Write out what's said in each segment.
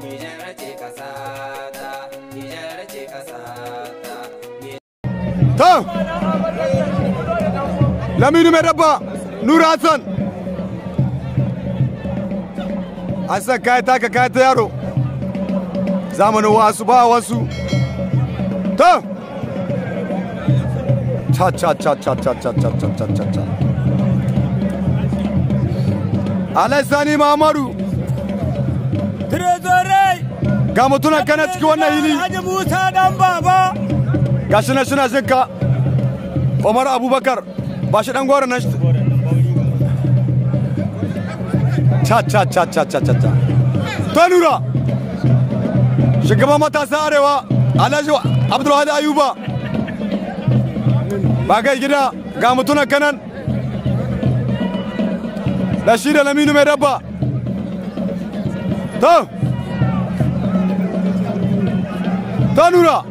Nijar ce kasa ta, Nijar ce kasa ta. To, Laminu mai dabba, Nura Hassan. Hassan kaya taka kaya ta yaro. Zamanin wasu ba wasu. To, cha cha cha cha cha cha cha cha cha cha cha. Alhassani Muhammadu. Trezorai. Ga mutuna kana cikin wannan hili. Haji Musa dan baba. Ga shi nan suna zinka. Umar Abubakar ba shi dan gora nan. Cha cha cha cha cha cha cha. Tanura. Shugaban matasa Arewa Alhaji Abdulwahid Ayuba. Ba kai gida ga mutuna kanan. Da shi da Laminu mai dabba. ta ta nura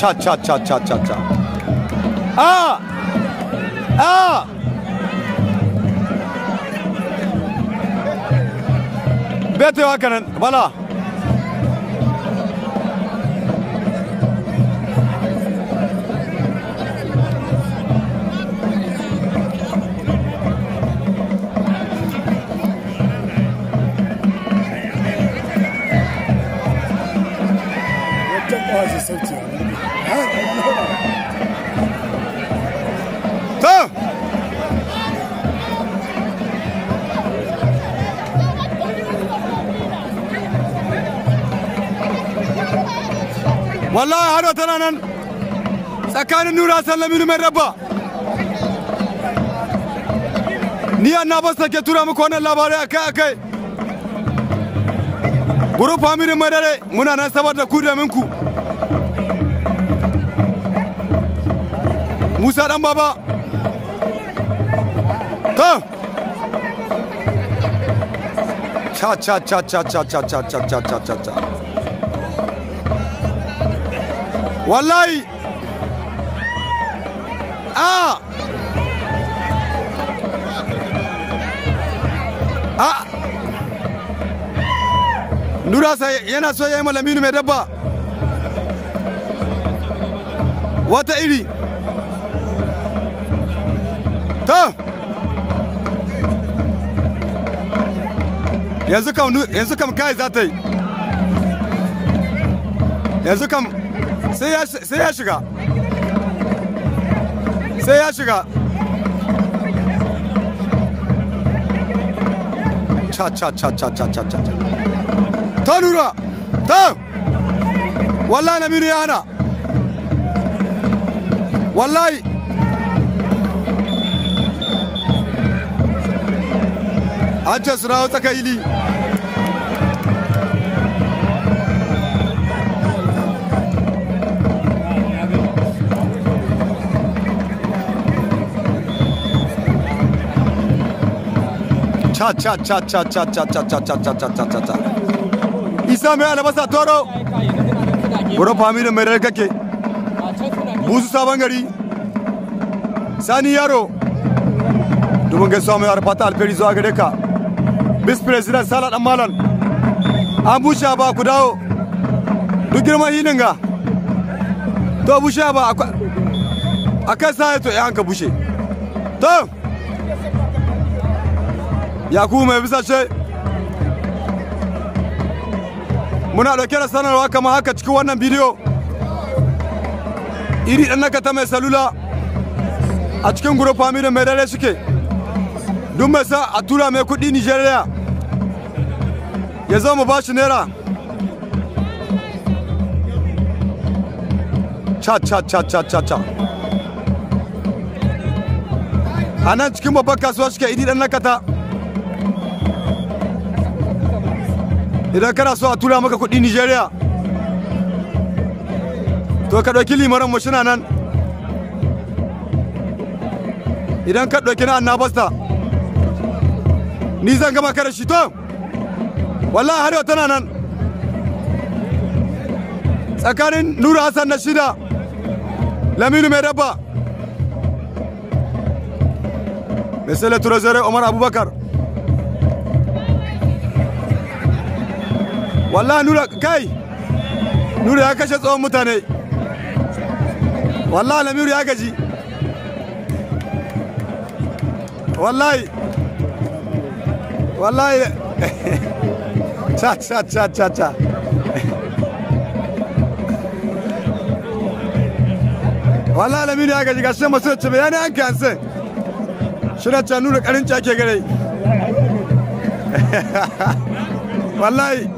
cha bala sauki to wallahi har tana nan tsakanin nura sallaminu mai rabba ni na basta ke tura muku wannan labarai akai akai guru familin mai dare muna nan sabar da ku da minku musa dan baba ta cha cha cha cha cha cha cha cha cha cha cha cha wallahi ah ah yana so mai dabba wata iri ta yanzu kam yanzu kam kai za ta yi yanzu kam sai ya shiga sai ya shiga cha cha cha cha cha cha cha ta nura ta wallahi na ya hana wallahi Anja Sunao Takaili. Cha cha cha cha cha cha cha cha cha cha cha cha cha cha. Isa mai albasa toro. Buro faminu mai rar kake. Buzu sabon gari. Sani yaro. Dubin gaisuwa mai arfata alferi zuwa gare ka. bis president sala dan malam an bushe ba ku dawo duk girma hinin ga to bushe ba a kai sa eh, to ya bushe to yakubu mai bisa ce muna ɗauke da sanarwa kamar haka cikin wannan bidiyo iri ɗan naka ta mai salula a cikin gurup familin mai dare suke dun mai sa a tura mai kuɗi nigeria ya zo mu ba shi naira cha cha cha cha cha a nan cikin babban kasuwa suke idi dan nakata idan kana so a tura maka kuɗi nigeria to ka ɗauki limaran mashina nan idan ka ɗauki na annabasta ni zan gama ka da shi to wallahi arewa tana nan tsakanin nura hassan na shida laminu mai dabba mai sele turezere omar abubakar wallahi nura kai nura ya kashe tsohon mutane wallahi lamiru ya gaji wallahi wallahi Cha, cha, cha, cha, cha. Wallahi Lamini aka gaji sai masu ce bayani an kan sai. Shirin ta nuna karin ake gare. Wallahi